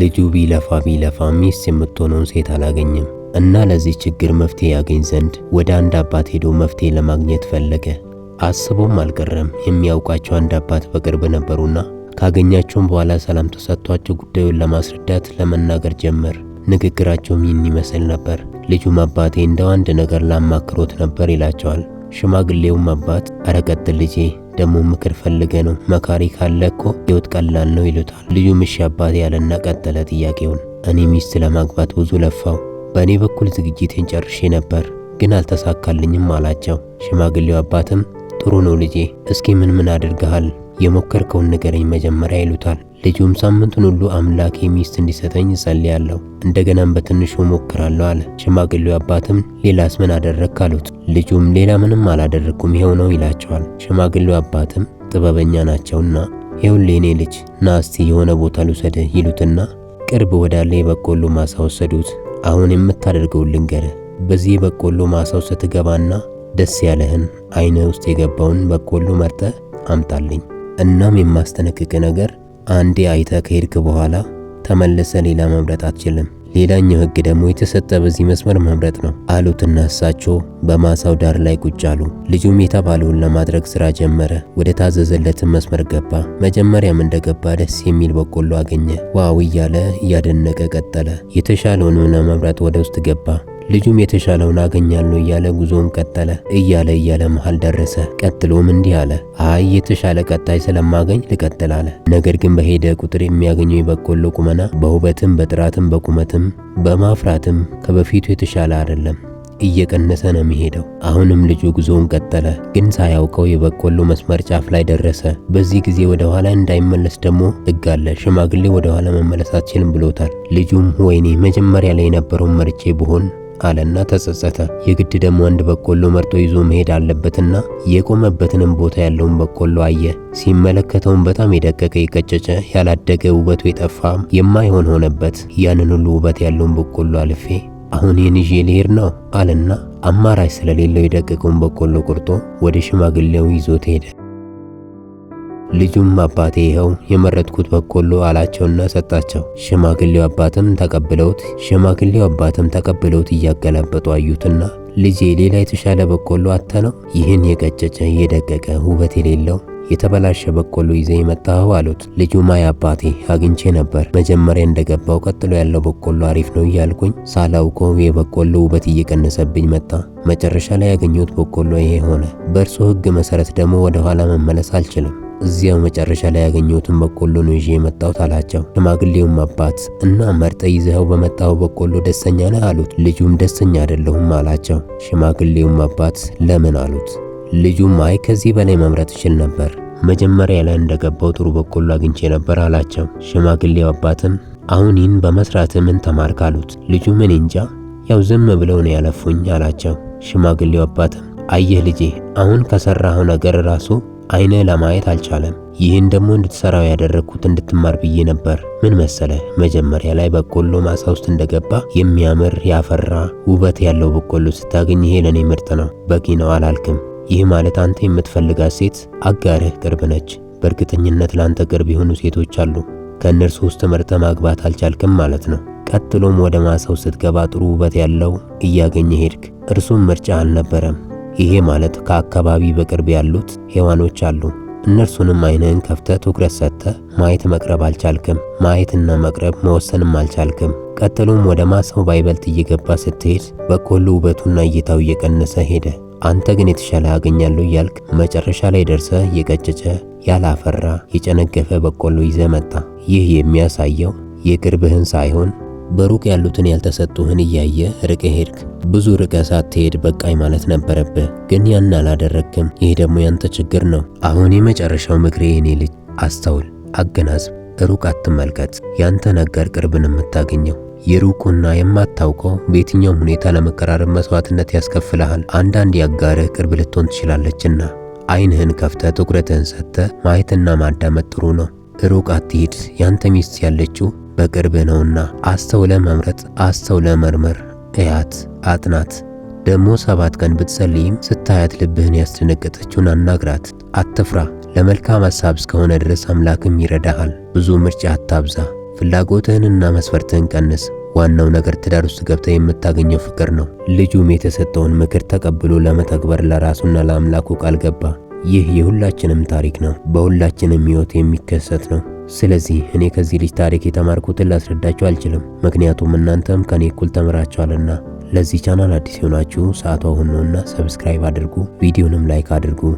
ልጁ ቢለፋ ቢለፋ ሚስት የምትሆነውን ሴት አላገኘም እና ለዚህ ችግር መፍትሄ ያገኝ ዘንድ ወደ አንድ አባት ሄዶ መፍትሄ ለማግኘት ፈለገ። አስቦም አልቀረም። የሚያውቃቸው አንድ አባት በቅርብ ነበሩና ካገኛቸውም በኋላ ሰላም ተሰጥቷቸው ጉዳዩን ለማስረዳት ለመናገር ጀመር። ንግግራቸውም ይህን ይመስል ነበር። ልጁም አባቴ እንደው አንድ ነገር ላማክሮት ነበር ይላቸዋል። ሽማግሌውም አባት አረቀጥ ልጄ ደግሞ ምክር ፈልገ ነው መካሪ ካለ እኮ ህይወት ቀላል ነው ይሉታል። ልዩም እሺ አባቴ ያለና ቀጠለ ጥያቄውን። እኔ ሚስት ለማግባት ብዙ ለፋው። በእኔ በኩል ዝግጅቴን ጨርሼ ነበር፣ ግን አልተሳካልኝም አላቸው። ሽማግሌው አባትም ጥሩ ነው ልጄ፣ እስኪ ምን ምን አድርገሃል? የሞከርከውን ንገረኝ መጀመሪያ ይሉታል። ልጁም ሳምንቱን ሁሉ አምላኬ ሚስት እንዲሰጠኝ እጸልያለሁ፣ እንደገናም በትንሹ ሞክራለሁ አለ። ሽማግሌው አባትም ሌላስ ምን አደረግክ አሉት። ልጁም ሌላ ምንም አላደረግኩም ይኸው ነው ይላቸዋል። ሽማግሌው አባትም ጥበበኛ ናቸውና ይኸውልህ የኔ ልጅ ና እስቲ የሆነ ቦታ ልውሰድህ ይሉትና ቅርብ ወዳለ የበቆሎ ማሳ ወሰዱት። አሁን የምታደርገውን ልንገርህ። በዚህ የበቆሎ ማሳ ውስጥ ስትገባና ደስ ያለህን አይነ ውስጥ የገባውን በቆሎ መርጠህ አምጣልኝ። እናም የማስጠነቅቅ ነገር አንዴ አይተ ከሄድክ በኋላ ተመልሰ ሌላ መምረጥ አትችልም። ሌላኛው ህግ ደግሞ የተሰጠ በዚህ መስመር መምረጥ ነው አሉትና እሳቸው በማሳው ዳር ላይ ቁጭ አሉ። ልጁም የተባለውን ለማድረግ ስራ ጀመረ። ወደ ታዘዘለትን መስመር ገባ። መጀመሪያም እንደገባ ደስ የሚል በቆሎ አገኘ። ዋው እያለ እያደነቀ ቀጠለ። የተሻለውንም መምረጥ ወደ ውስጥ ገባ። ልጁም የተሻለውን አገኛለሁ እያለ ጉዞውን ቀጠለ። እያለ እያለ መሃል ደረሰ። ቀጥሎም እንዲህ አለ፣ አይ የተሻለ ቀጣይ ስለማገኝ ልቀጥል አለ። ነገር ግን በሄደ ቁጥር የሚያገኘው የበቆሎ ቁመና በውበትም በጥራትም በቁመትም በማፍራትም ከበፊቱ የተሻለ አይደለም እየቀነሰ ነው የሚሄደው። አሁንም ልጁ ጉዞውን ቀጠለ፣ ግን ሳያውቀው የበቆሎ መስመር ጫፍ ላይ ደረሰ። በዚህ ጊዜ ወደ ኋላ እንዳይመለስ ደግሞ ሕግ አለ። ሽማግሌ ወደ ኋላ መመለስ አትችልም ብሎታል። ልጁም ወይኔ መጀመሪያ ላይ የነበረውን መርቼ ብሆን አለና ተጸጸተ። የግድ ደግሞ አንድ በቆሎ መርጦ ይዞ መሄድ አለበትና የቆመበትንም ቦታ ያለውን በቆሎ አየ። ሲመለከተውም በጣም የደቀቀ የቀጨጨ ያላደገ ውበቱ የጠፋ የማይሆን ሆነበት። ያንን ሁሉ ውበት ያለውን በቆሎ አልፌ አሁን ይህን ይዤ ልሄድ ነው አለና አማራጭ ስለሌለው የደቀቀውን በቆሎ ቁርጦ ወደ ሽማግሌው ይዞት ሄደ። ልጁም አባቴ ይኸው የመረጥኩት በቆሎ አላቸውና ሰጣቸው። ሽማግሌው አባትም ተቀብለውት ሽማግሌው አባትም ተቀብለውት እያገላበጡ አዩትና ልጄ ሌላ የተሻለ በቆሎ አተ ነው ይህን የቀጨጨ የደቀቀ ውበት የሌለው የተበላሸ በቆሎ ይዘ የመጣኸው አሉት። ልጁ ማይ አባቴ አግኝቼ ነበር። መጀመሪያ እንደገባው ቀጥሎ ያለው በቆሎ አሪፍ ነው እያልኩኝ ሳላውቀው የበቆሎ ውበት እየቀነሰብኝ መጣ። መጨረሻ ላይ ያገኘሁት በቆሎ ይሄ ሆነ። በእርሱ ሕግ መሰረት ደግሞ ወደ ኋላ መመለስ አልችልም። እዚያው መጨረሻ ላይ ያገኘሁትን በቆሎ ነው ይዤ የመጣሁት አላቸው። ሽማግሌውም አባት እና መርጠ ይዘኸው በመጣው በቆሎ ደስተኛ ነህ አሉት። ልጁም ደስተኛ አይደለሁም አላቸው። ሽማግሌውም አባት ለምን አሉት። ልጁም አይ ከዚህ በላይ መምረጥ እችል ነበር መጀመሪያ ላይ እንደገባው ጥሩ በቆሎ አግኝቼ ነበር አላቸው። ሽማግሌው አባትም አሁን ይህን በመስራት ምን ተማርክ አሉት። ልጁ ምን እንጃ ያው ዝም ብለው ነው ያለፉኝ አላቸው። ሽማግሌው አባትም አየህ ልጄ አሁን ከሰራኸው ነገር ራሱ አይነ ለማየት አልቻለም። ይህን ደግሞ እንድትሰራው ያደረግኩት እንድትማር ብዬ ነበር። ምን መሰለ፣ መጀመሪያ ላይ በቆሎ ማሳ ውስጥ እንደገባ የሚያምር ያፈራ ውበት ያለው በቆሎ ስታገኝ ይሄ ለእኔ ምርጥ ነው፣ በቂ ነው አላልክም። ይህ ማለት አንተ የምትፈልጋት ሴት አጋርህ ቅርብ ነች። በእርግጠኝነት ለአንተ ቅርብ የሆኑ ሴቶች አሉ። ከእነርሱ ውስጥ መርጠህ ማግባት አልቻልክም ማለት ነው። ቀጥሎም ወደ ማሳው ስትገባ ጥሩ ውበት ያለው እያገኘ ሄድክ። እርሱም ምርጫ አልነበረም። ይሄ ማለት ከአካባቢ በቅርብ ያሉት ሔዋኖች አሉ። እነርሱንም ዓይንህን ከፍተ ትኩረት ሰጥተ ማየት መቅረብ አልቻልክም። ማየትና መቅረብ መወሰንም አልቻልክም። ቀጥሎም ወደ ማሳው ባይበልጥ እየገባ ስትሄድ በቆሎ ውበቱና እይታው እየቀነሰ ሄደ። አንተ ግን የተሻለ አገኛለሁ እያልክ መጨረሻ ላይ ደርሰ የቀጨጨ ያላፈራ የጨነገፈ በቆሎ ይዘ መጣ። ይህ የሚያሳየው የቅርብህን ሳይሆን በሩቅ ያሉትን ያልተሰጡህን እያየ ርቀ ሄድክ። ብዙ ርቀ ሳትሄድ በቃኝ ማለት ነበረብህ፣ ግን ያን አላደረግክም። ይህ ደግሞ ያንተ ችግር ነው። አሁን የመጨረሻው ምክሬ የኔ ልጅ አስተውል፣ አገናዝብ፣ ሩቅ አትመልከት። ያንተ ነገር ቅርብን የምታገኘው የሩቁና የማታውቀው በየትኛውም ሁኔታ ለመቀራረብ መስዋዕትነት ያስከፍልሃል። አንዳንድ ያጋርህ ቅርብ ልትሆን ትችላለችና አይንህን ከፍተህ ትኩረትህን ሰጥተህ ማየትና ማዳመጥ ጥሩ ነው። ሩቅ አትሂድ። ያንተ ሚስት ያለችው በቅርብ ነውና አስተውለ መምረጥ አስተውለ መርመር፣ እያት አጥናት። ደግሞ ሰባት ቀን ብትጸልይም ስታያት ልብህን ያስደነገጠችውን አናግራት። አትፍራ። ለመልካም ሐሳብ እስከሆነ ድረስ አምላክም ይረዳሃል። ብዙ ምርጫ አታብዛ። ፍላጎትህንና መስፈርትህን ቀንስ። ዋናው ነገር ትዳር ውስጥ ገብተ የምታገኘው ፍቅር ነው። ልጁም የተሰጠውን ምክር ተቀብሎ ለመተግበር ለራሱና ለአምላኩ ቃል ገባ። ይህ የሁላችንም ታሪክ ነው። በሁላችንም ሕይወት የሚከሰት ነው። ስለዚህ እኔ ከዚህ ልጅ ታሪክ የተማርኩትን ላስረዳችሁ አልችልም፣ ምክንያቱም እናንተም ከኔ እኩል ተምራችኋልና። ለዚህ ቻናል አዲስ የሆናችሁ ሰዓቱ አሁን ነውና ሰብስክራይብ አድርጉ፣ ቪዲዮንም ላይክ አድርጉ።